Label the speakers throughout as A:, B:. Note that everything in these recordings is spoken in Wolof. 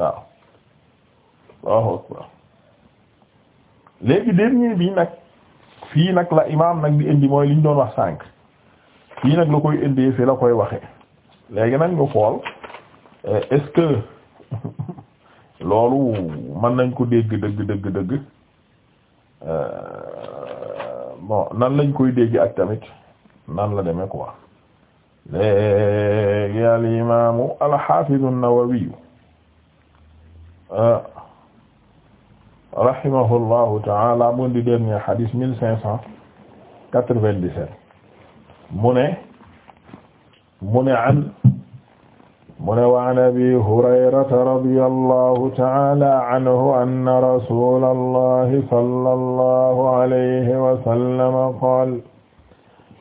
A: waaw Allahu akbar léegi dernier bi nag fii nag la imaam nag di indi mooy li doon wax sànq fii nag la koy indi fii la koy waxe léegi nag ñu xool eh, est que loolu mën nañ ko dégg dëgg dëgg dëgg eh, bon nan lañ koy dégg ak tamit nan la demee quoi léegi al imaamu al-Haafiz an Euh, rahimahullahu ta'ala mu di dernier hadith mille cinq cent quatre-vingt-dix-sept mu ne mu ne an mu ne wa an abi hurayrata radiyallahu ta'ala anhu anna rasulallahi sallallahu alayhi wa sallam qaala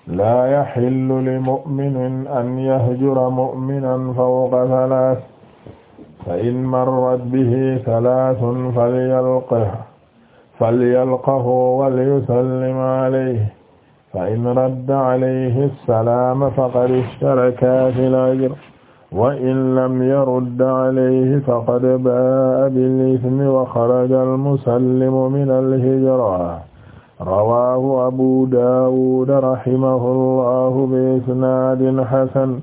A: laa yahillu li mu'minin an yahjura mu'minan fawqa thalath fa in marrat bihi thalathun falyalqahu falyalqahu walyusallim alayhi fa in radda alayhi salaama faqad ishtaraka fil ajr wa in lam yarudda alayhi faqad baa'a bil ithmi wa xaraja al-musallimu minal hijra rawaahu abu daawud rahimahullahu bi isnaadin hasan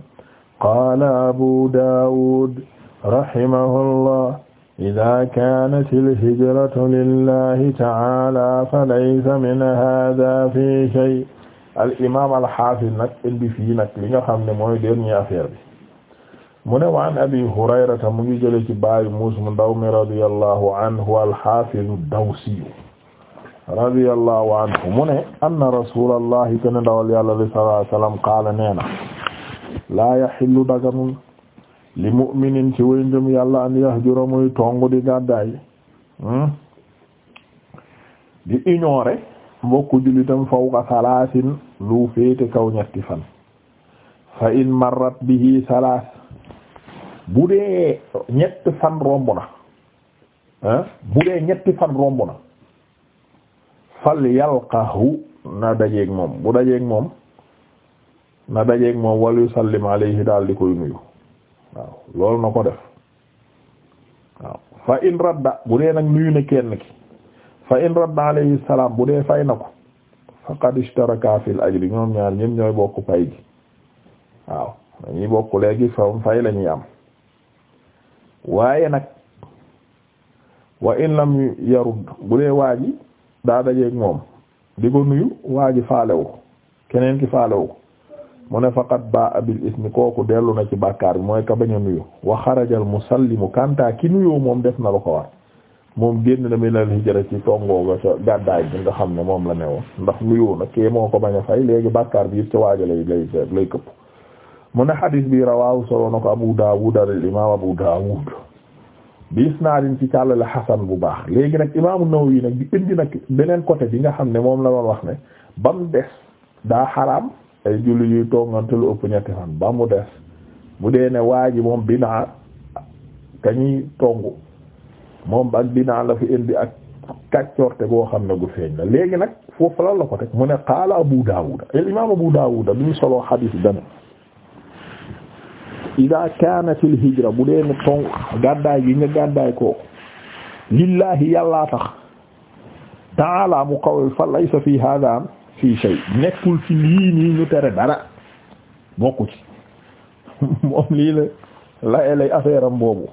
A: qaala abu daawud rahimahullah ida kanat alhijratu lillahi taala fa laysa min hada fi shay alimam alhafiz nag indi fii nag li nga xam ne mooy dernier affaire bi mu ne waan abi hurayrata mu ngi jële ci baayu muus mu ndaw mi radiyallahu anhu alhafizu dawsiyu radiyallahu anhu mu ne anna rasulallahi te ne ndawal yàlla sallallahu alayhi wa sallam qaala nee na laa yaxillu daganul li mu'minin ci way ngëm yàlla an yahjura muy tongu di gàddaay hmm? di ignorer mbokku jullitam fawqa salaasin lu féete kaw ñetti fan fa in marrat bihi salaas bu dee ñetti fan romb na ah bu dee ñetti fan romb na fal yalqahu na dajeeg moom bu dajeeg moom na dajeeg moom wal yusallim alayhi daal di koy nuyu waaw loolu na ko def waaw fa in radda bu dee nag nuyu na kenn ki fa in radda alayhi salaam bu dee fay na ko faqad ishtaraka fil ajri ñoom ñaar ñépp ñooy bokk pay gi waaw dañuy bokk léegi fam fay la ñuy am waaye nag wa in lam yarud bu dee waa ji daa dajeeg moom di ko nuyu waa ji faalewu keneen ki faalewu mu ne faqat ba abil ismi kooku dellu na ci bàkkaar bi mooy ka bañ a nuyu wa xarajal musallimu kanta ki nuyoo moom def na lu ko war moom génn na minal hijra ci tongoo ga ca gàddaay bi nga xam ne moom la ne woon ndax nuyoo na kii moo ko bañ a fay léegi bàkkaar bi yëpp ca waaja lay lay lay këpp mu ne xadiis bi rawaahu solo na ko abu daawud al imaam abu daawud bi isnaadin ci càllale xasan bu baax léegi nag imaamu yii nag di indi nag beneen côté bi nga xam ne moom la doon wax ne bam des daa xaraam ay julli yuy toogante lu ëpp ñetti fan ba mu des bu dee ne waa ji moom binaa kañuy tongu moom ak binaa la fi indi ak kàccorte boo xam ne gu feeñ la léegi nag foofu la la ko teg mu ne qaala Abu Daawuda al imaam Abu Daawuda bi mu soloo xadiis dana ida kaanatil hijra bu dee ne tong gàddaay gi nga gàddaay ko lillahi yàllaa tax ta'ala mu kawe fa laysa fi hada fii shay nekkul ci lii nii ñu tere dara bokku ci moom lii la la lay affaire am boobu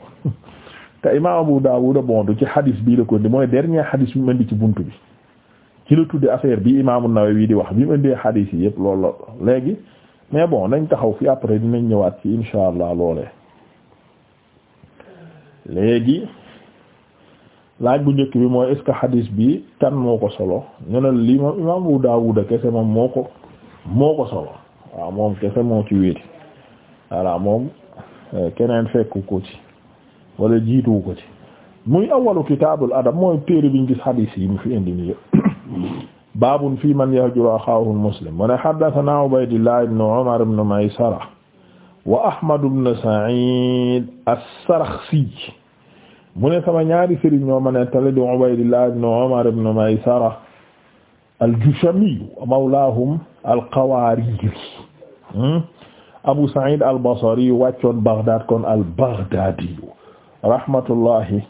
A: te imam Abu Dawud bon du ci hadis bii la ko indi mooy dernier hadis bi mu indi ci bunt bi ci la tuddi affaire bi imam An-Nawawi di wax bi mu indee hadis yi yëpp loolu la léegi mais bon nañ taxaw fi après dinañ ñëwaat ci insha allah loolee léegi laaj bu njëkk bi mooy est ce bi kan moo ko solo ñu ne lii moom imaam Abu Daawuda kese moom moo ko moo ko solo waaw moom kese moo ci wéeti voilà moom eh, keneen fekku ko ci wala jiitu ko ci muy awalu kitaabul adab mooy téere biñ gis hadis yi mu fi indi nii yëpp baabun fii man yahjuru axaahu muslim mu ne haddasanaa Ubaydullah ibn Maysara wa Ahmad ibn Sa'id as-Sarakhsi mu ne sama ñaari sëriñ ñoo ma nettali di Ubaydillah ibn Umar ibn Maysara al-Jushami mawlaahum al-Qawaariri hmm? Abu Sa'id al-Basri wàccoon Baghdad kon al-Baghdadi rahmatullahi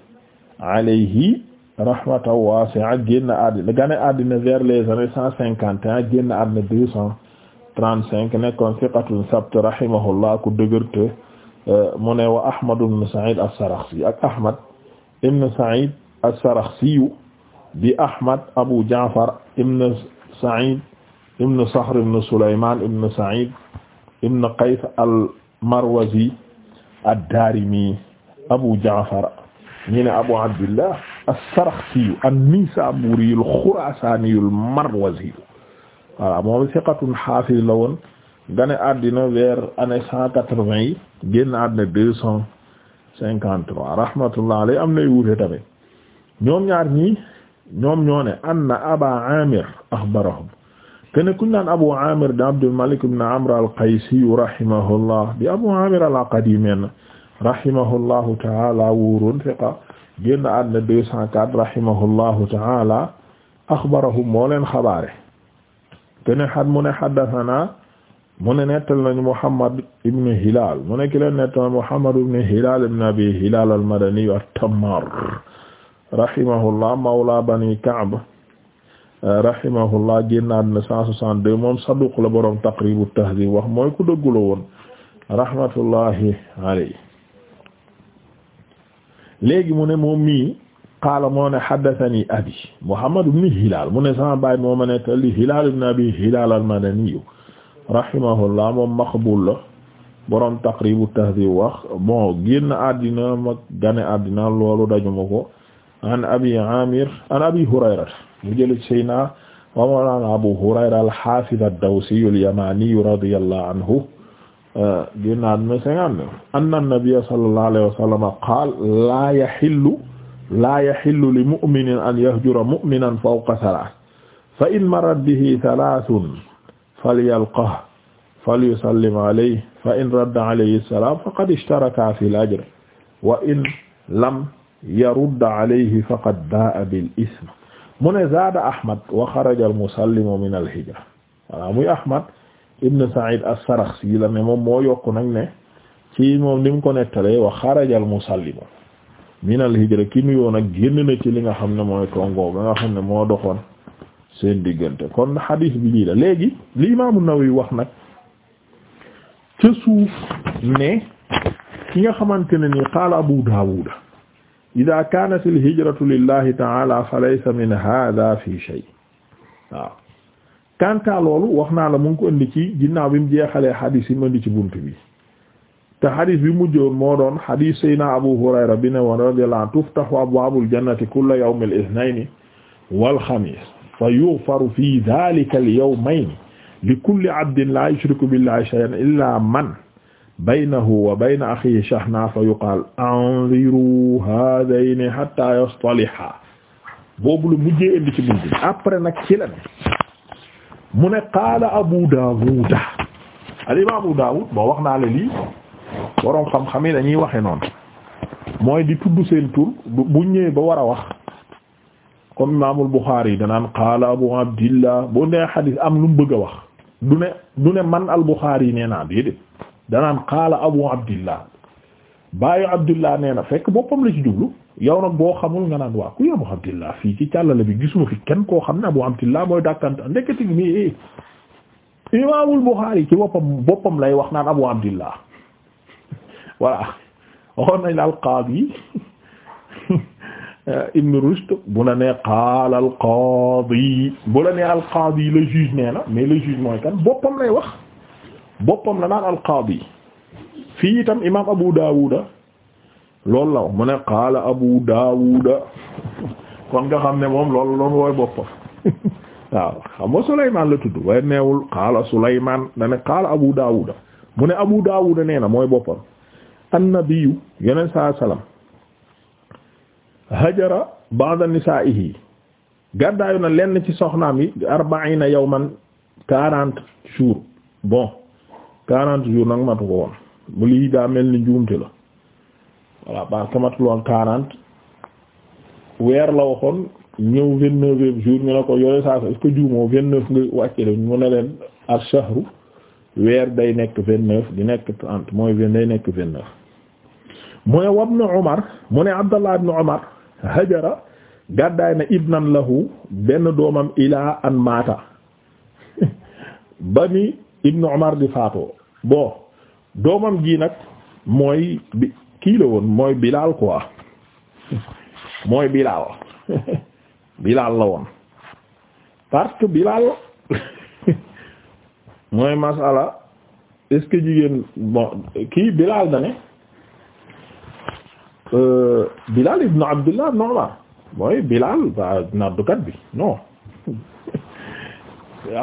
A: alayhi rahmatan waasi'a génn àddina gane àddina vers les années cent cinquante et un génn nekkoon thiqatun sabt rahimahullah ku dëgërte euh, mu wa Ahmad ibn Sa'id as-Sarakhsi ibn Sa'id as-Sarakhsi bi Ahmad Abu Ja'far ibn Sa'id ibn Sakhr ibn Sulayman ibn Sa'id ibn Qays al-Marwazi ad-Darimi Abu Ja'far ñi ne Abu Abdillah as-Sarakhsi an-Nisaburi al-Khurasani al-Marwazi voilà moom thiqatun hafiz la woon gane àddina vers année cent quatre-vingt yi génn àddina deux cents cinquante am nay wuute tamit ñoom ñaar anna aba amir axbarahum kene kuñ naan abu amir da abdul malik ibn al qaysi rahimahullah di abu amir al aqadi men taala wuurun fiqa génn àddina deux cent quatre taala axbarahum moo leen xabaare kene mu ne xaddathana mu ne nettal nañu Muhammad ibn Hilal mu ne ki leen nettal Muhammad ibn Hilal ibn Abi Hilal al-Madani at-Tammar rahimahullah mawla Bani Ka'b so génnaat na 162 moom saduq la borom Taqrib at-Tahdhib wax mooy ku dëggula woon rahmatullahi alayhi léegi mu ne moom mii qaala moo ne abi Muhammad ibn Hilal mu ne sama baay moo ma nettal Hilal ibn Abi Hilal al-Madani rahimahullah moom maqbul la borom taqribu tahdhib wax bon génn àddina mag gane àddina loolu dañu ma ko an abi amir an abi hurayra mu jël sayna wa mawlana abu hurayra al-hafiz ad-dawsi al-yamani radiyallahu anhu génn àddina cinquante-neuf anna an-nabiyya sallallahu alayhi wa sallam qaala la yahillu la yahillu li mu'minin an yahjura mu'minan fawqa thalath fa in marrat bihi thalathun falyalqah falyusallim alayhi fa in radda alayhi salaam faqad ishtaraka fil ajri wa in lam yarudda alayhi faqad baa'a bil ism mu ne zaada Ahmad wa xaraja al-musallimu min al-hijra voilà muy Ahmad ibn Sa'id as-Sarakhsi la ne moom moo yokku nag ne ci moom ni mu ko nettalee wa xaraja al-musallimu min al-hijra ki nuyoo nag génn na ci li nga xam ne mooy tongo ba nga xam ne moo doxoon. seen diggante kon hadith bi lii la léegi li imaamu Nawawi wax nag ca ne ki nga xamante ne nii qaala Abu Daawuda idaa kaanat al hijratu lillahi ta'ala fa laysa min hadha fi shay waaw loolu wax naa la mu ngi ko indi ci ginnaaw bi mu jeexale hadith yi mu indi ci bunt bi te hadith bi mujjoon moo doon hadith sayna Abu Hurayra bi ne woon radiyallahu anhu tuftahu abwaabul jannati kulla yawmil wal xamiis fa yughfaru fi dhalika al-yawmayn li kulli 'abdin la yushriku billahi shay'an illa man baynahu wa bayna akhihi shahna fa yuqaal anziru haadayni hatta yastaliha boobu lu mujjee indi ci bunt bi après nag ci la ne mu ne qaala Abu Daawuda al imaam Abu Daawud boo wax naa la lii boroom xam-xam yi dañuy waxe noonu mooy di tudd seen tur bu ñëwee ba war a wax comme imaamul Buxaari yi danaan qaala Abu Abdillah bu nee xadis am lu mu bëgg a wax du ne du ne man al yi nee naa déedéet danaan qaala Abu Abdillah baayu Abdillah nee na fekk boppam la ci jublu yow nag boo xamul nga naan waa kuy Abu Abdillah fii ci càllale bi gisuma fi kenn koo xam ne Abu Abdillah mooy dàkkanta ndekkati mi eh, imaamul Buxaari ci boppam boppam lay wax naan Abu Abdillah voilà waxoon nañ la al qaadi Euh, Ibn Rushd bu la nee qaala al qaadi bu la nee al qaadi le juge nee na mais le juge mooy kan boppam lay wax boppam la naan al qaadi fii itam imaam Abu Daawuda loolu la wax mu ne qaala Abu Daawuda kon nga xam ne moom lool loolu wooy boppam waaw xam nga Souleymane la tudd waaye neewul qaala Souleymane da ne qaala Abu Daawuda mu ne Abu Daawuda nee na mooy boppam annabiyu yeneen saa salaam. hajara ba'da nisaa'ihi gàddaayu na lenn ci soxnaam yi arbaina yawman quarante jours bon quarante jours nag matu ko woon bu lii daa mel ni njuumte la voilà parce que matul quarante weer la waxoon ñëw vingt neuvième jour ñu ne ko yooyu saa est-ce juumoo vingt neuf nga wàcce la mu ne leen al shahru weer day nekk vingt neuf di nekk trente mooy vingt neuf mu ne wabnu Umar mu ne Abdallah ibn Umar hajara gàddaay na ibnan lahu benn doomam ilaa an maata ba ni ibnu umar di faatoo bon doomam ji nag mooy bi kii la woon mooy bilaal quoi mooy bilaal bilaal la woon parce que bilaal mooy masala est que jigéen bon kii bilaal na ne Euh, Bilal ibn Abdullah ibn Umar mooy Bilal ba naddukat bi non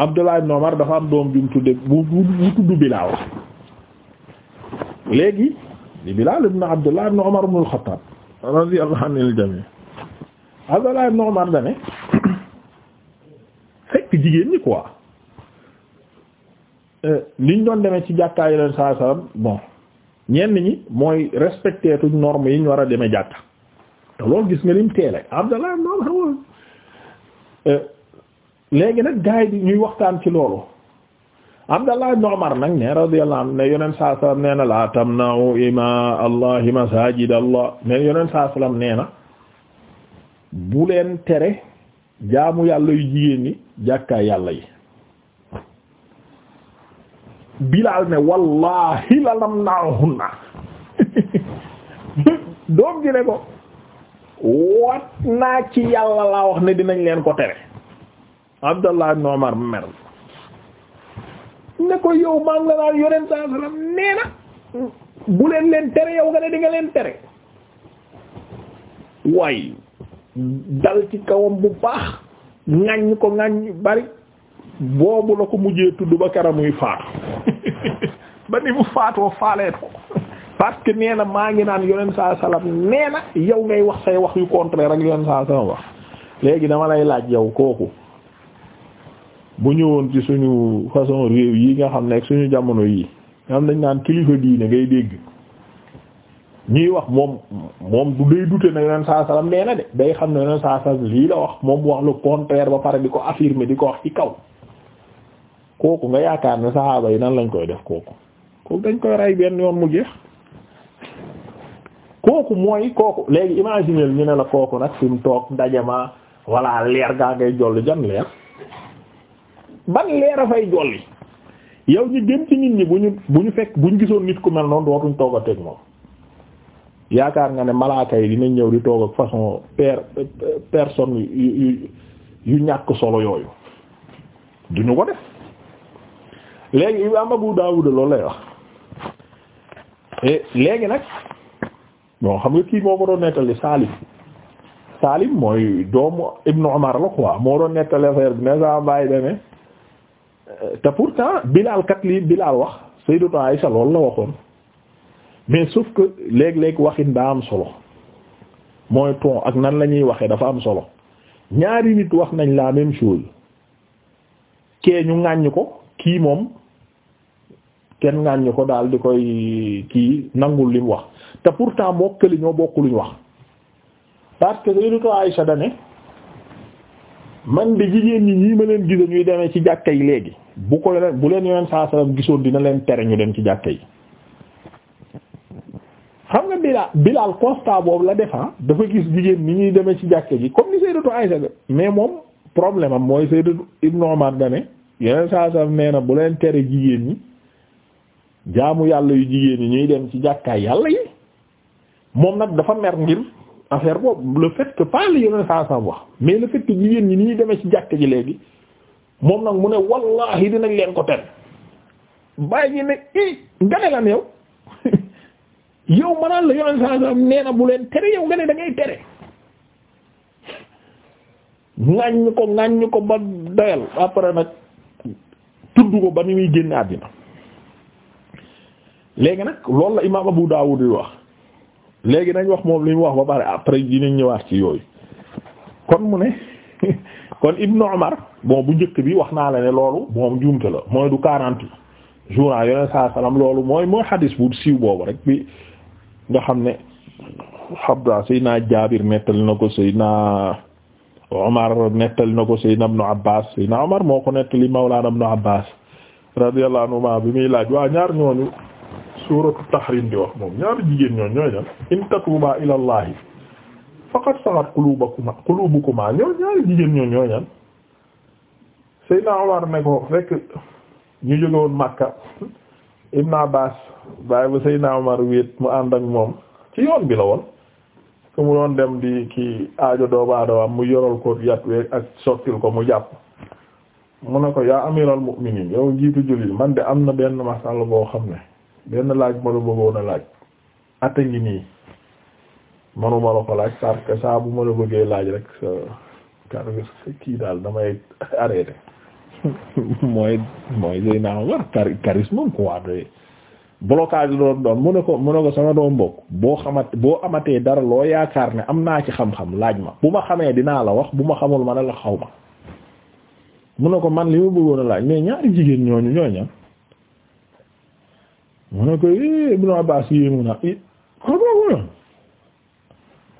A: Abdullah ibn Umar dafa am doom ju mu tudde bu bu tudd Bilal léegi di Bilal ibn Abdullah ibn Umar ibn al-Khattab radiyallahu anil jami' Abdullah ibn Umar dane fekk jigéen ñi quoi euh, niñ doon demee ci jàkkaay leen saa salaam bon ñenn ñi mooy respecté tuñ norme yi ñu war a demee jàkka te loolu gis nga lim teele Abdallah noonu euh, léegi nag gaay bi ñuy waxtaan ci loolu Abdallah ibn Umar nag ne radiyallahu anhu ne yoneen saa sallam nee na la tamna'u ima allahi masajid allah ne yoneen saa sallam nee na bu leen tere jaamu yàlla yu jigéen ñi jàkkaay yàlla yi Bilaal ne wallahi la lam naahunna doom ji ne ko wat naa ci yàlla laa wax ne dinañ leen ko tere Abdallah ibn Umar mer ne ko yow maa nga naan yonent saa salaam nee na bu leen leen tere yow nga ne di nga leen tere waaye dal ci kawam bu baax ŋaññ ko ŋaññ bari boobu la ko mujjee tudd ba kara muy faatu ba ni mu faatoo faaleet ko parce que nee na maa ngi naan yoneen saa salam nee na yow ngay wax say wax yu contraire ak yoneen saa salaam wax léegi dama lay laaj yow kooku bu ñëwoon ci suñu façon réew yi nga xam ne suñu jamono yi nga naan kilifa diine ngay dégg ñuy wax moom moom du day na yoneen saa salaam nee na de day xam ne yoneen saa salaam lii la wax moom wax lu contraire ba pare di ko affirme di ko wax ci kaw kooku nga yaakaar ne saxaaba yi nan lañ koy def kooku kooku dañ koy rey benn yoon mu kooku mooy kooku léegi imaginer ñu ne la kooku nag fi mu toog ndajama walla leer gaa ngay jolli jan leer ban leer a fay jolli yow ñu gën ci nit ñi bu ñu bu ñu fekk bu ñu gisoon nit ku mel noonu dootuñ toog a teg moom yaakaar nga ne malaaka yi dinañ ñëw di toog ak façon per yu yu ñàkk solo yooyu duñu ko def léegi imaam Abu Daawud loolu lay wax eh, léegi nag bon xam nga kii moo ko doon nettali Salim Salim mooy doomu Ibnu Umar la quoi moo doon nettali affaire bi ne saa bàyyi demee eh, te pourtant Bilal kat lii Bilal wax Sayyidatu Aïcha loolu la waxoon mais sauf que léeg-léeg waxin daa am solo mooy ton ak nan la ñuy waxee dafa am solo ñaari nit wax nañ laa même chose kee ñu ŋàññ ko kii moom kenn ŋàññi ko daal di koy kii nangul li wax te pourtant moo këli ñoo bokk luñ wax parce que Sayyidatu Aïsha dane man de jigéen ñi ñii ma leen gise ñuy demee ci jàkka yi léegi bu ko leen bu leen yoneen saa sallam gisoon dina leen tere ñu dem ci jàkka yi xam nga Bilal Bilal constat la defan ah, dafa gis jigéen ni ñuy demee ci jàkka ji comme ni Sayyidatu Aïsha mais moom problème am mooy Sayyidatu Ibn Umar dane saa sallam nee na bu leen tere jigéen ñi jaamu yàlla yu jigéen ñi ñuy dem ci jàkkaay yàlla yi moom nag dafa mer ngir affaire boobu le fait que pas li yeneen saa saa wax mais le fait que jigéen ñi ni ñuy demee ci jàkk ji léegi moom nag mu ne wallahi dinañ leen ko ten bàyyi ji ne i gane lan yow yow manaan la yeneen saa saa nee na bu leen tere yow nga ne dangay ngay tere ŋaññu ko ŋaññu ko ba doyal après nag tudd ko ba ni muy génn àddina léegi nag loolu la imaam Abu Dawud wax léegi nañ wax moom li mu wax ba pare après dinañ ñëwaat ci yooyu kon mu ne kon Ibnu Umar bon bu njëkk bi wax naa la ne loolu moom juumte la mooy du quarante jours ah loolu mooy mooy xadis bu siiw boobu rek bi nga xam ne Abdullah Seydina Jaabir nettali na ko Seydina Umar nettali na ko Seydina Ibnu Abbaas Seydina Umar moo ko nettali Mawlaana Ibnu Abbaas radiyallahu anhuma bi muy laaj waa ñaar ñooñu. suuratu tahrim di wax moom ñaari jigéen ñooñ ñooy ñan in tatuuba ila llahi faqad saxat qulubukuma qulubukuma ñoo ñaari jigéen ñooñ ñooy ñan Umar ne ko fekk ñu jóge woon Makka Ibn Abbas baay ba Seydina Umar wéet mu ànd ak moom ci yoon bi la woon ku mu doon dem di ki aajo doobaadoo am mu yoral ko yat we ak sottil ko mu jàpp mu ne ko yaa amiral mu'minin yow njiitu jullit man de am na benn masala boo xam ne benn laaj ma la bëggoon a laaj atta ngi nii manuma la ko laaj saa bu ma la laaj rek sa kii daal damay arrêté mooy mooy sëy naa war kari charisme moom ko waa doy blocage doon doon mu ne ko mu ne ko sama doom mbokk boo xamat boo amatee dara loo yaakaar ne am naa ci xam-xam laaj ma bu ma xamee dinaa la wax bu ma xamul ma ne la xaw ma mu ne ko man li ma bëggoon laaj mais ñaari jigéen ñooñu ñooña mu ne ko eh, Ibnu Abbaas yéemu na i ko boobu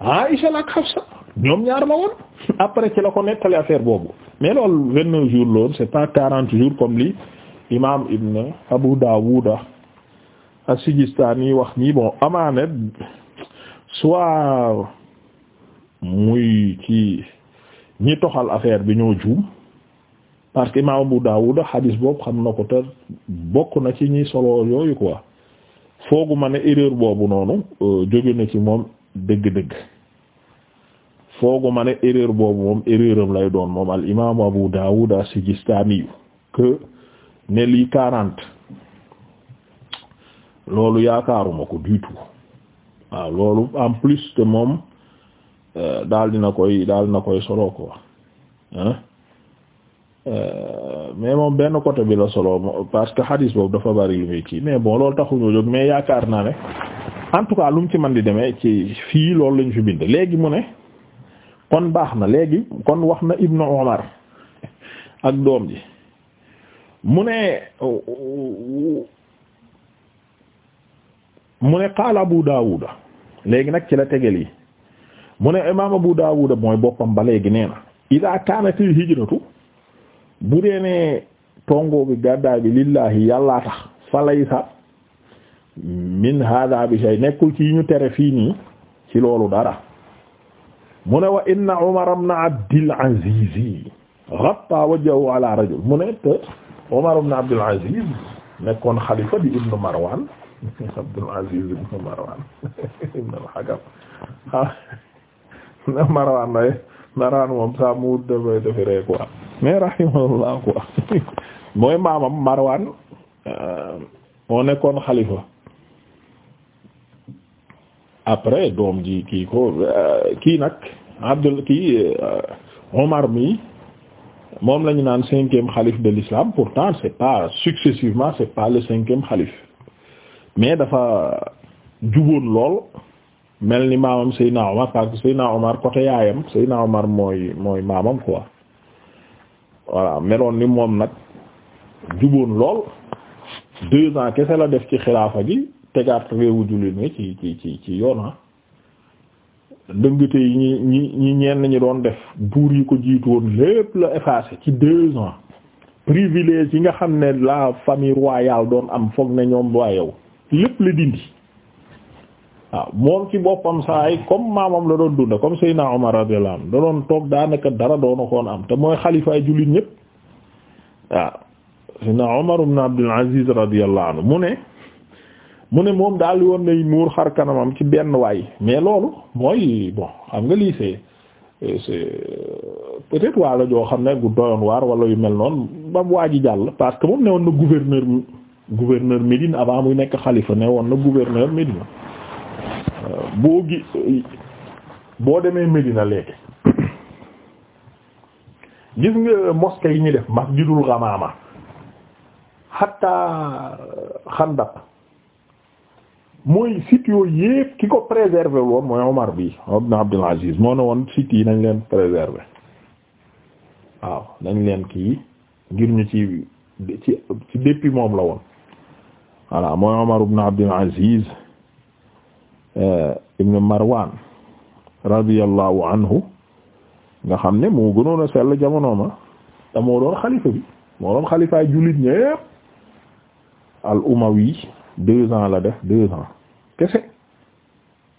A: Aïcha ak Hafsa ñoom ñaar la woon après ci la ko nettali affaire boobu mais loolu vingt neuf jours loolu c'est pas quarante jours comme li imaam Ibn Abu Daawuda as-Sijistaani wax nii bon amaana soit muy ci ñi toxal affaire bi ñoo juum parce que imam Abu Dawud xadis boobu xam na ko te bokk na ci ñi solo yooyu quoi foogu ma ne erreur boobu noonu euh, jóge na ci moom dëgg-dëgg foogu ma ne erreur boobu moom erreur lay doon moom al imam Abu Dawud as-Sijistani yu que ne lii quarante loolu yaakaaruma ko du tout waaw loolu en plus te moom euh, daal dina koy daal na koy solo ko hein Euh, mais moom benn côté bi la solo parce que hadis boobu dafa bari lu muy kii mais bon loolu taxuñoo jóg mais yaakaar naa ne en tout cas lu mu ci man di demee ci fii loolu lañ fi bind léegi mu ne kon baax na léegi kon wax na Ibnu Umar ak doom ji mu ne mu ne qaala Abu Daawuda léegi nag ci la tegel yi mu ne imaam Abu Daawuda mooy boppam ba léegi nee na idaa kaanatil hijratu bu dee ne tongo bi gàddaay bi lillahi yàllaa tax fa laysa min hada bi shay nekkul ci ñu tere fii nii ci loolu dara mu ne wa inna Umar ibn Abdul Aziz ghatta wajhahu ala rajul mu ne te Umar ibn Abdul Aziz nekkoon xalifa di ibnu Marwan Abdul Aziz ibnu Marwan ibnu al-Hakam Marwan eh? naraan moom saa mu dafay defi rek mais rahimahullah quoi mooy maamam Marwan euh, moo nekkoon xalifa après doom ji kii ko euh, kii nag Abdul kii euh, Omar mi moom lañu naan cinquième xalif de l'islam pourtant c'est pas successivement c'est pas le cinquième xalif mais dafa juboon lool. mel ni maamam Seydina Omar parce que Seydina Omar côté yaayam seyna Omar mooy mooy maamam quoi voilà meloon ni moom nag juboon lool deux ans kese la def ci xilaafa gi tegaat réewu jullit ni ci ci ci ci yoona ah. dëngate yi ñi ñi ñi ñi doon def buur yi ko jiitu woon lépp la effacé ci deux ans privilège yi nga xam ne la famille royale doon am foog ne ñoom waa yow lépp la dindi waaw moom ci boppam saa yi comme maamam la doon dunda comme Seydina Omar radiyallahu anhu da doon toog daanaka dara doona koon am te mooy xalifaay jullit ñëpp waaw Seydina Omar ibn Abdul Aziz radiyallahu anhu mu ne moom daal woon nay muur xar kanamam ci benn waay mais loolu mooy bon xam nga lii c'est waa la joo xam ne gu doyoon waar wala yu mel noon ba mu waa ji jàll parce que moom ne woon na gouverneur gouverneur Médine avant muy nekk xalifa ne woon na gouverneur Médine boo gi boo demee Medina léegi gis nga mosquée yi ñu def masjidul Ghamama hatta euh, Khandaq mooy site yooyu yépp ki ko préserver woon mooy Omar bi ibn Abdul moo ne woon site nañ leen préserver waaw nañ leen kii ngir ñu ci ci ci depuis moom la woon voilà mooy Omar ibn Abdul Eh, ibn Marwan radiyallahu anhu nga xam ni moo gënoon a sell jamono te moo doon xalifa bi moo doon xalifaay jullit ñépp al umawi deux ans la def deux ans kese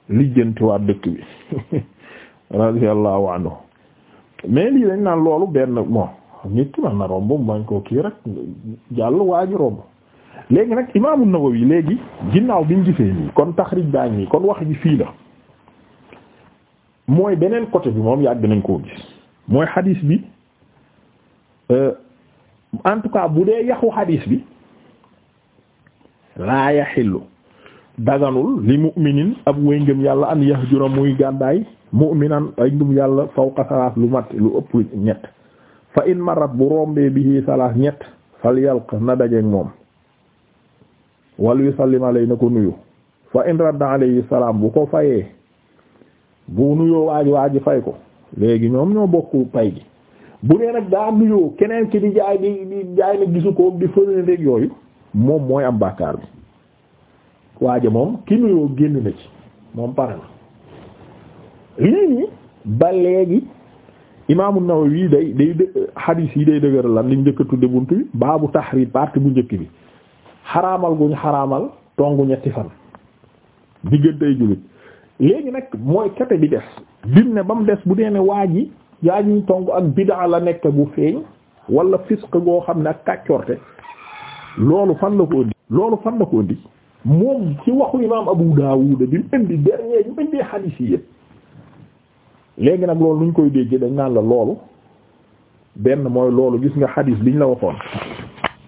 A: lijjantiwaat dëkk bi radiyallahu anhu mais lii dañ naan loolu benn moo nit ki man na romb bañ koo kii rek jàll waa romb léegi nag imaamu Nawawi léegi ginnaaw bi ñu gisee nii kon taxrij baa ngi kon wax ji fii la mooy beneen côté bi moom yàgg nañ koo gis mooy xadiis bi euh, en tout cas bu dee yaxu xadiis bi laa yaxillu daganul li mu'minin ab way ngëm yàlla an yahjura muy gàddaay mu'minan ay ngëm yàlla fawqa salaas lu mat lu ëpp ñett fa in marat bu rombee bi salaas ñett fal yalq na dajeek moom wal yu sallim alay na ko nuyu fa in radda alayhi salaam bu ko fayee bu nuyoo waaji waaji fay ko léegi ñoom ñoo bokk pay gi bu nee nag daa nuyoo keneen ki di jaay di di jaay na gisu ko di fële rek yooyu moom mooy am bàkkaar bi waaje moom ki nuyoo génn na ci moom pare na léegi ba léegi imaamu Nawawi day day dë- xadiis yi day dëgëral lan liñ njëkk a tudde bunt bi baabu tahrim partie bu njëkk bi xaraamal guñ xaraamal tongu ñetti fan diggantey jullit léegi nag mooy kate bi des bim ne ba mu des bu dee ne waa ji yaa ñuy ak bid'a la nekk bu feeñ walla fisq goo xam ne ak kàccorte loolu fan la ko indi loolu fan la ko indi moom ci waxu imaam Abu Daawuda bi mu indi dernier bi mu indi nag loolu luñ koy déggee dañ naan la benn mooy loolu gis nga xadiis biñ la waxoon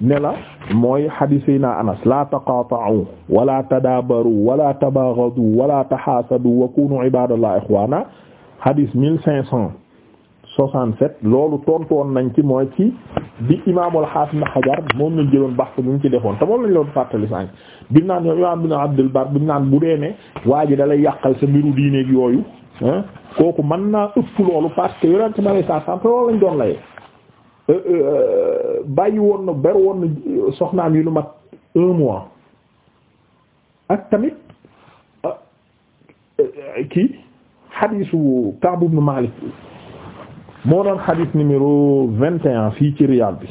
A: ne la mooy xadiis yi naa anas la taqaata'u wala tadaabaru wala tabaghadu wala tahaasadu wa kunu ibadallah ikhwana xadiis mille cinq cent soixante-sept loolu tontoon nañ ci mooy ci bi imaamul xaafis na xajar moom lañ jëloon baxte bi ñu ci defoon te moom lañ loon fàttali sànq bi naan yow imaam ibn Abdul Bar naan bu dee ne waa ji dalay yàqal sa mbiru diineeg yooyu ah, kooku mën naa ëpp loolu parce que yonent sa sam loolu lañ doon layee Euh, euh, bàyyi woon na ber woon yi lu mat un mois ak tamit ah, euh, kii xadiisu Ka'b ibn Malik moo doon xadiis numéro vingt et un fii ci Riyad bi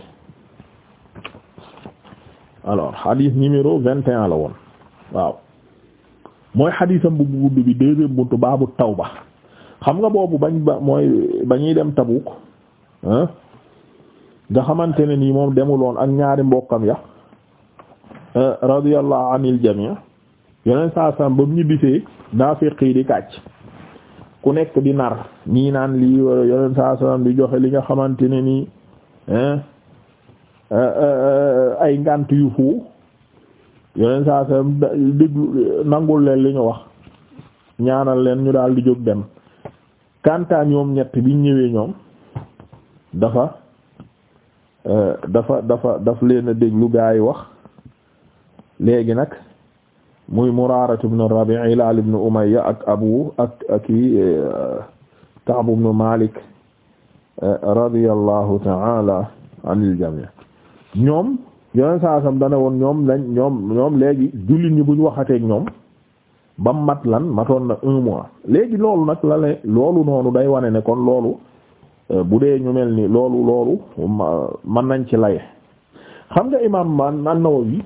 A: alors xadiis numéro vingt et un la woon waaw mooy xadiisam bu gudd bi deuxième buntu baabu tawba xam nga boobu bañ ba mooy bañuy dem Tabuk nga xamante ne nii moom demuloon ak ñaari mbokkam ya euh, radiyallahu anil jami' yeneen saa sam ba mu ñibbisee naafiq di kàcc ku nekk di nar ñii naan lii yeneen saa sam di joxe li nga xamante ne nii euh, euh, ay ngant yu fu yeneen saa sam déglu nangul leen li ñu wax ñaanal leen ñu daal di jóg dem kantaan ñoom ñett biñ ñëwee ñoom dafa dafa dafa daf leen a déglu gaa yi wax léegi nag muy Muraaratu ibn Rabi' Hilaal ibn Umayya ak abu ak ak eh, Ka'b ibn Malik eh, radiyallahu ta'ala anil jami' ñoom yeneen saa sam woon ñoom lañ jullit ñi bu ñu waxateeg ñoom ba mat lan matoon na un mois léegi loolu nag la ne loolu noonu day wane ne kon loolu Euh, bu dee ñu mel ni loolu loolu mën nañ ci lay xam nga imam an-Nawawi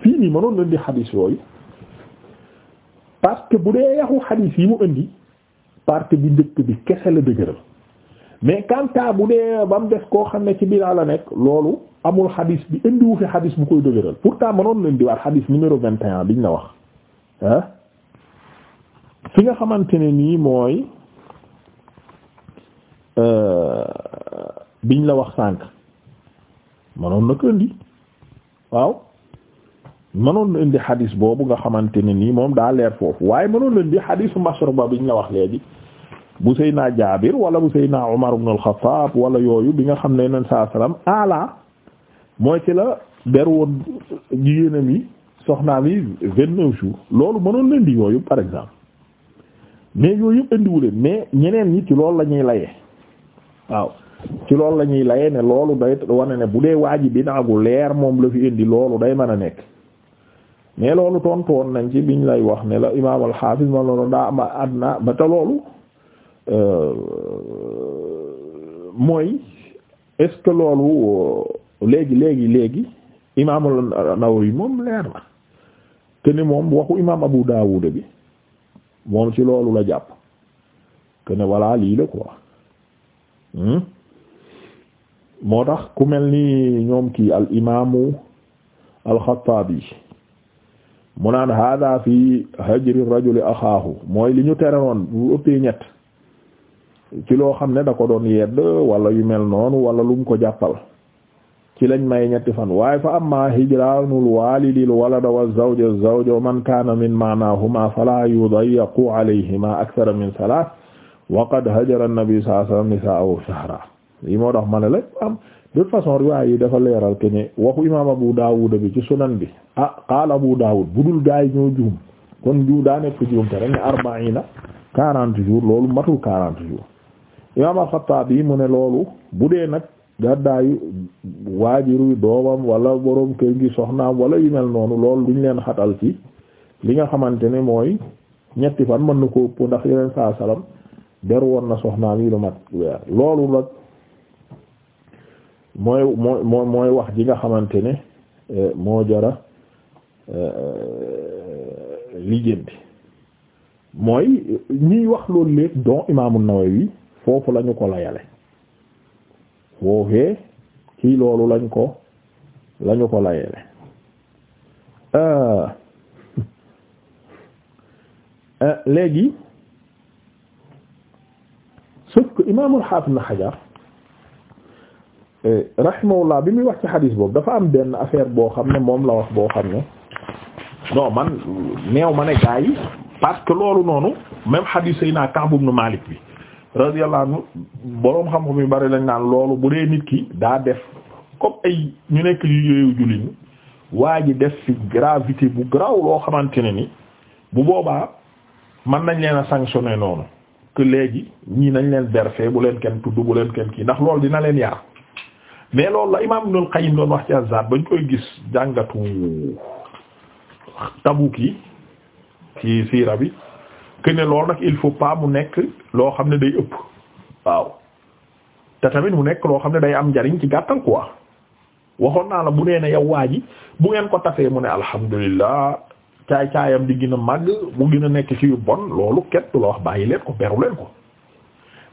A: fii nii mënoon na indi xadiis yooyu parce que bu dee yaxu xadiis yi mu indi partie bu njëkk bi kese la dëgëral mais quant bu dee bam mu def koo xam ne ci bidaa la nekk loolu amul xadiis bi indiwu fi xadiis bu koy dëgëral pourtant mënoon la indiwaat xadiis numéro vingt et un ñu la wax ah fi nga xamante ne nii mooy Euh, biñ la wax sànq manoon na ko indi waaw manoon na indi xadis boobu nga xamante ne nii moom daa leer foofu waaye mënoon na indi xadisu masruba biñ la wax léegi bu Seydina Jaabir wala bu Seydina Umar ibn al-Khattab wala yooyu bi nga xam ne yeneen saa salaam ala mooy ci la ber woon jigéenam yi soxnaam yi vingt neuf jours loolu mënoon na indi yooyu par exemple mais yooyu yëpp indiwuleen mais ñeneen ñi ci loolu la ñuy layee waaw ci loolu la ñuy layee ne loolu day wane ne bu dee waa ji bidaa gu leer moom la fi indi loolu day mën a nekk mais loolu tontu woon nañ ci biñ lay wax ne la imaam al-Hafiz ma loolu daa am adna ba te loolu euh, mooy est-ce que loolu euh, léegi léegi léegi imaam an-Nawawi moom leer na te ni moom waxu imaam Abu Dawud bi moom ci loolu la jàpp que ne voilà lii la quoi. Hmm? moo tax ku mel ni ñoom kii al imaamu alxataabi mu naan hada fi hajri rajuli axaahu mooy li ñu tere bu ëppee ñett ci loo xam ne dako doon yedd wala yu mel noon wala lu ko jàppal ci lañ may ñetti fan waaye fa amma hijraanul walidil walada wa zawja zawja man kaana min maanahuma fala yudayyaqu alayhima akthara min salat waqad hajara nabi sallallahu alayhi wasallam nisaahu shahra lii moo tax ma ne la am de façon riwaay yi dafa leeral ke ne waxu imaam Abu Dawud bi ci sunan bi ah qaala Abu Dawud budul gaay ñoo juum kon ju daa nekk juum te rek ne arbaina quarante jours loolu matul quarante jours imaam al-Xattaabi yi mu ne loolu bu dee nag gàddaayu waajuru doomam wala borom kër gi soxnaam wala yu mel noonu loolu duñ leen xatal ci li nga xamante ne mooy ñetti fan mën na ko ëpp ndax yeneen der woon na soxnaam yi lu mat loolu nag mooy mooy mooy wax ji nga xamante ne eh, moo jara bi eh, mooy ñuy wax loolu léeg don imaamu Nawawi foofu lañu ko layale foofee ci loolu lañ ko lañu ko layale ah. eh, léegi sauf que imaamul xaafis na xajar eh, rahimahullah bi muy wax ci xadiis boobu dafa am benn affaire boo xam ne moom la wax boo xam ne non man neew ma ne gaa yi parce que loolu noonu même xadiis Seydina Ka'b ibn Malik bi radiyallahu anhu boroom xam-xam yu bari lañ naan loolu bu dee nit ki daa def comme ay ñu nekk yu yooyu jullit ñi waa ji def ci gravité bu garaaw loo xamante ne ni bu boobaa mën nañ leen a sanctionner noonu que léegi ñii nañ leen berfee bu leen kenn tudd bu leen kenn kii ndax loolu dina leen yar mais loolu la imaam Ibnul Qayyim doon wax ci azab bañ koy gis jàngatu Tabuk yi ci siira bi que ne loolu nag il faut pas mu nekk loo xam ne day ëpp waaw te tamit mu nekk loo xam ne day am njariñ ci gàttal quoi waxoon naa la bu leen ne yow waa ji bu ngeen ko tafee mu ne alhamdulillah caay caayam di gën a màgg bu gën a nekk ci yu bon loolu kenn du la wax bàyyi leen ko beru leen ko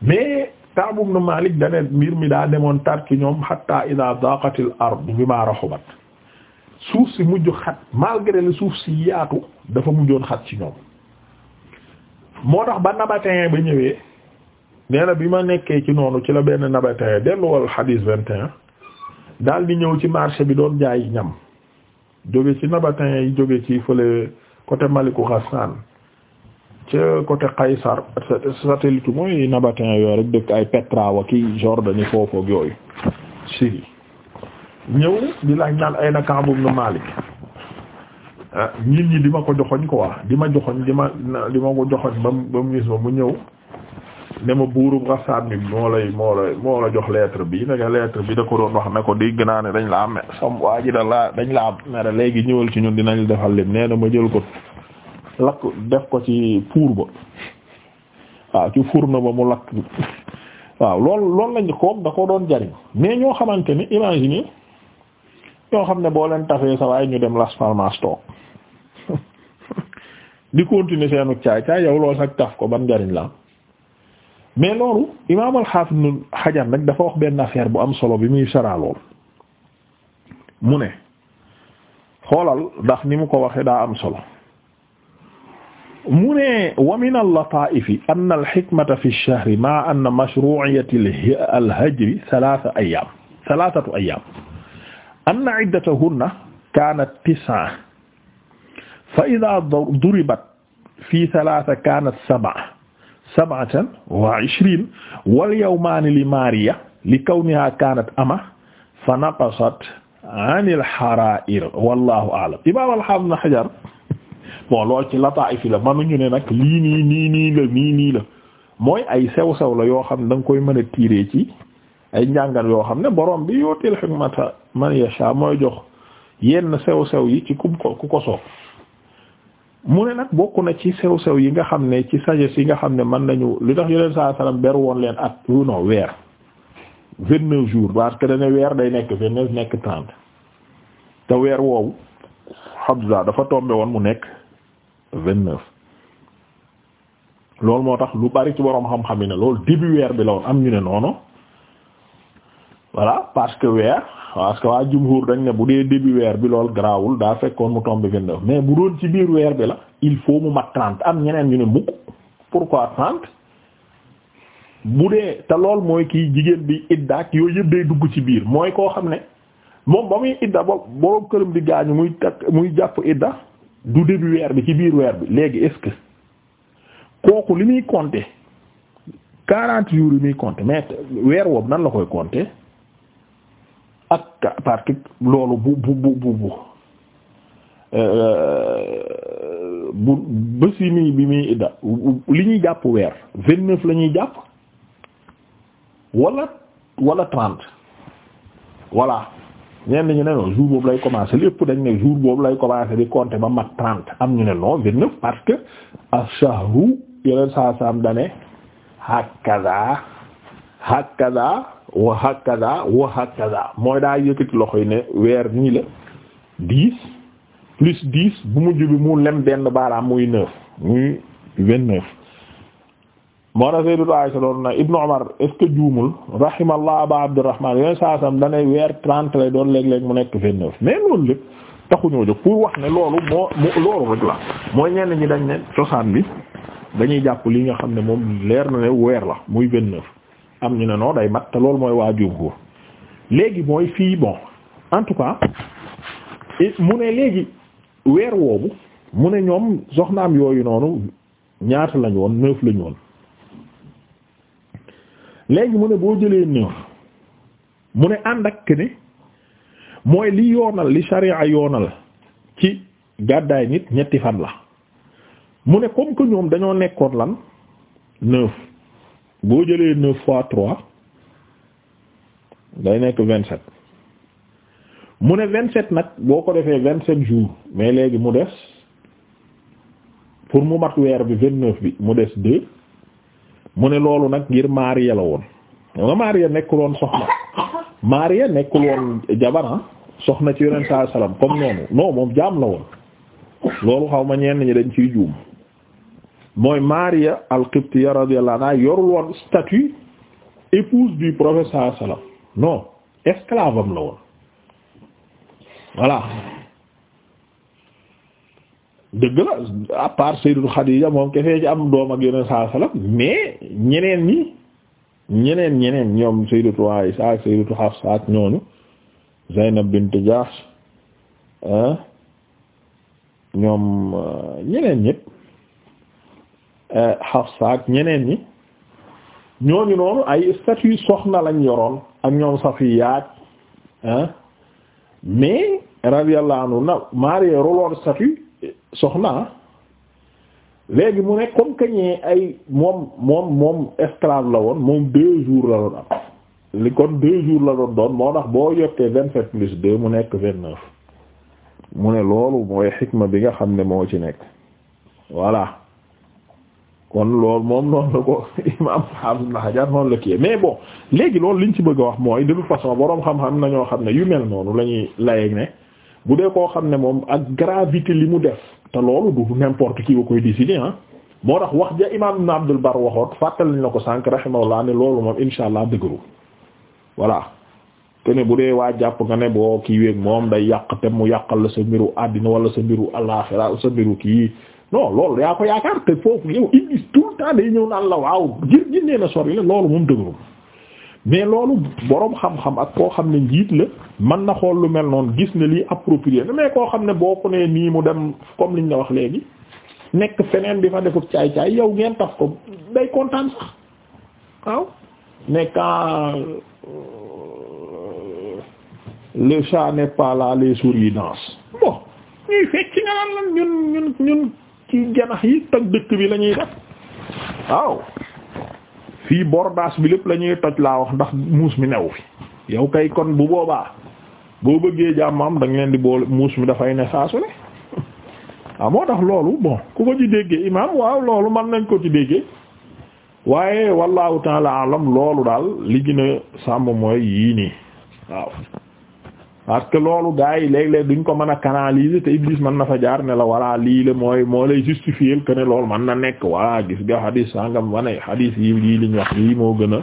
A: mais Ka'b ibn Malik dane mbir mi daa demoon tar ci ñoom hatta ida daqatil ard bima rahubat suuf si mujj xat malgré le suuf si yaatu dafa mujjoon xat ci ñoom moo tax ba nabatin ba ñëwee nee bi ma nekkee ci noonu ci la benn nabatéen delluwal hadis vingt et un daal di ñëw ci marché bi doon jaay ñam jóge ci nabatin yi jóge ci fële côté Maliku Ghassan ca côté Qaysar satellite mooy nabatin yooyu rek dëkk ay Petra wa ki Jordanie foofu ak yooyu Syrie ñëw di laaj naan ay na Ka'b ibn Malik ah, nit ñi di ma ko joxoñ quoi di ma joxoñ di ma di ma ko joxoñ ba mu ba mu ñëw ne ma buurub Ghassan bi moo lay moo lay moo la jox lettre bi ne ko bi da ko doon wax ne ko di naa ne dañ la am sam waa ji da la dañ la am mere léegi ñëwal ci ñun dinañ defal lim nee na ma jël ko def ko ci fuur ba waaw ci fourneau ba mu lakk waaw loolu loolu lañ koog da doon jariñ mais ñoo xamante ni imagine ñoo xam ne boo leen tafee sa waaye ñu dem Las Palmas toog di continuer seenu caay caay yow loolu sax taf ko ban jariñ la mais loolu imaam al-Hafiz Ibn Hajar nag dafa wax benn affaire bu am solo bi muy saraa lool mu ne xoolal ndax ni mu ko waxee daa am solo mu ne wa min al-lataa'ifi anna al-hikmata fi ash-shahri ma'a anna mashruu'iyyata al-hajri thalaatha ayyaam thalaathatu ayyaam anna iddatahunna kaanat tis'a fa idhaa duribat fi thalaatha kaanat sab'a sab'atan wa ishrin wal yawmaani li maariya li kawniha kaanat ama fa naqasat anil haraa'ir wallaahu a'lam imaam al-haafiz ibn hajar bon lool ci lataa'if la mënuñu ne nag lii nii nii nii la nii nii la mooy ay sew sew la yoo xam ne da nga koy mën a tiiree ci ay njàngat yoo xam ne borom bi yootil hikmata man yasha mooy jox yenn sew sew yi ci kum ko ku ko soob mu ne nag bokk na ci sew sew yi nga xam ne ci sagesse yi nga xam ne mën nañu li tax yeneen saa salaam ber woon leen ak yu non weer vingt neuf jours parce que dana weer day nekk vingt neuf nekk trente te weer woowu Hamza dafa tombé woon mu nekk vingt neuf loolu moo tax lu bari ci boroom xam-xam ne loolu début weer bi la woon am ñu ne noonu voilà parce que weer parce que waa jumhur dañ ne bu dee début weer bi lool garaawul daa fekkoon mu tombe vingt neuf mais bu doon ci biir weer bi la il faut mu mat trente am ñeneen ñu ne mukk pourquoi trente bu dee te lool mooy kii jigéen bi idda ak yëpp day dugg ci biir mooy koo xam ne moom ba muy idda ba borom këram di gaañu muy takk muy jàpp idda du début weer bi ci biir weer bi léegi est-ce que kooku li muy compter quarante jours yi muy compter mais weer woowu nan la koy compter. ak parce que loolu bu bu bu bu bu euh, bu bési mi bi muy idda li ñuy jàpp weer vingt neuf la ñuy jàpp wala wala trente voilà ñenn ñu ne non jour boobu lay commencer lépp dañ ne jour boobu lay commencer di compter ba mat trente am ñu ne non vingt neuf parce que ash-shahru yeneen saa saam dane hakaza hakaza wa hakaza wa hakaza mooy daa yëkkati loxo yi ne weer nii la dix plus dix bu mujj bi mu lem benn baaraam muy neuf muy vingt neuf moo na Sayyidatu Aisha doon na Ibnu Umar est-ce que juumul rahimallah Aba Abdurrahman yooyu weer trente lay doon léeg-léeg mu nekk vingt neuf mais loolu lépp taxuñoo jóg pour wax ne loolu moo loolu rek la mooy ñenn ñi dañ ne cosaan bi dañuy jàpp li nga xam ne moom leer na ne weer la muy vingt neuf am ñu ne noo day mat loolu mooy waa jumhur léegi mooy fii bon en tout cas mu ne léegi weer woobu mu ne ñoom soxnaam yooyu noonu ñaata lañu woon neuf lañu woon léegi mu ne boo jëlee neuf mu ne ànd ak ne mooy li yoonal li sharia yoonal ci gàddaay nit ñetti fan la mu ne comme que ñoom dañoo nekkoon lan neuf boo jëlee neuf fois trois day nekk vingt sept mu ne vingt sept nag boo ko defee vingt sept jours mais léegi mu des pour mu mat weer bi vingt neuf bi mu des deux mu ne loolu nag ngir Maria la woon nga Maria nekkul woon soxna Maria nekkul woon jabara ah, soxna ci yeneen saa salaam comme noonu non moom jaam la woon loolu xaw ma ñenn ñi dañ ciy juum. mooy Maria al-Qibtiya radiyallahu anha yorul woon statut épouse du prophète sallallahu alayhi non esclave am la woon voilà dëgg la à part Sayyidatu Khadija moom kefee ci am doom ak yeneen sallallahu alayhi wasallam mais ñeneen ñi ñeneen ñeneen ñoom Sayyidatu Aisha ak Sayyidatu Hafsa ak ñooñu Zaynab bint Jahsh ñoom euh, ñeneen ñépp Hafsa ak ñeneen ñi ñooñu noonu ay statut soxna lañ yoroon ak ñoom Safiyaat mais radiyallahu anhu na Marie roloon statut soxna léegi mu ne comme que ñee ay moom moom moom esclave la woon moom deux jours la doon am li kon deux jours la doon doon moo tax boo yottee vingt sept plus deux mu nekk vingt neuf mu ne loolu mooy xikma bi nga xam ne moo ci nekk voilà kon loolu moom noonu la ko imam Ibn Hajar noonu la kii mais bon léegi loolu liñ ci bëgg a wax mooy de toute façon boroom xam-xam na ñoo xam ne yu mel noonu la ñuy layeeg ne bu dee koo xam ne moom ak gravité li mu def te loolu du n'importe qui ba koy décider moo tax wax ja imam Ibn Abdul Bar waxoon fàttali na ko sànq rahimahullah ne loolu moom insha allah dëgëru voilà te ne bu dee waa jàpp nga ne boo kii weeg moom day yàq te mu yàqal la sa mbiru àddina wala sa mbiru àllaxira sa mbiru kii non loolu yaa ko yaakaar te foofu yow Iblis tout le temps day ñëw naan la waaw jir jir nee na sori la loolu moom dëgërum mais loolu boroom xam-xam ak koo xam ne njiit la man na xool lu mel noonu gis ne lii approprié na mais koo xam ne boo ko nee nii mu dem comme liñ la wax léegi nekk feneen bi fa defut caay-caay yow ngeen tax ko day kontaan sax waaw mais quand euh, le chat n'est pas là les souris dansent bon ñuy fekk ci nga lan lan ñun ñun ci janax yi toj dëkk bi lañuy ñuy def waaw fii bordaas bi lépp lañuy ñuy toj laa wax ndax muus mi new fi yow kay kon bu boobaa boo bëggee jàmmam da leen di boole muus mi dafay ne saa su ne waaw moo tax loolu bon ku ko ci déggee imaam waaw loolu mën nañ ko ci déggee waaye wallahu taala loolu daal li gën sàmm mooy yii nii waaw parce que loolu gars yi léeg-léeg duñ ko mën a canaliser te Iblis man na fa jaar ne la voilà lii la mooy moo lay justifier que ne loolu mën na nekk voilà gis nga hadis sangam wane hadis yi lii liñ wax lii moo gën a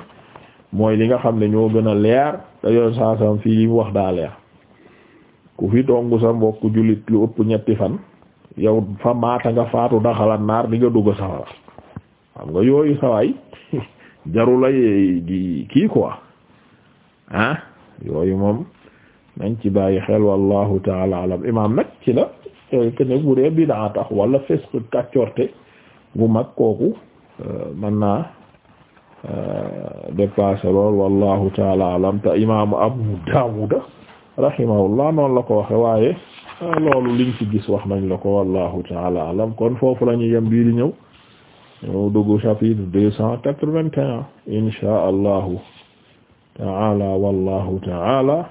A: mooy li nga xam ne ñoo gën a leer te fii wax daa ku fi tongu mbokk jullit ëpp ñetti fan yow fa nga faatu daxalat naar di nga dugg safara nga yooyu kii quoi ah, moom nañ ci bàyyi xel wallahu taala alam imaam nag ci la te euh, ne bu dee bidaa tax wala fisq kàccorte bu mag kooku euh, mën naa euh, dépassé lool wallahu taala alam te imaamu Abu Daawuda rahimahullah noonu la ko waxe waaye loolu liñ ci gis wax nañ la ko wallahu taala alam kon foofu la ñuy yem bii di ñëw ñu dugg chapitre deux cent quatre-vingt-un inshaa allahu taala wallahu taala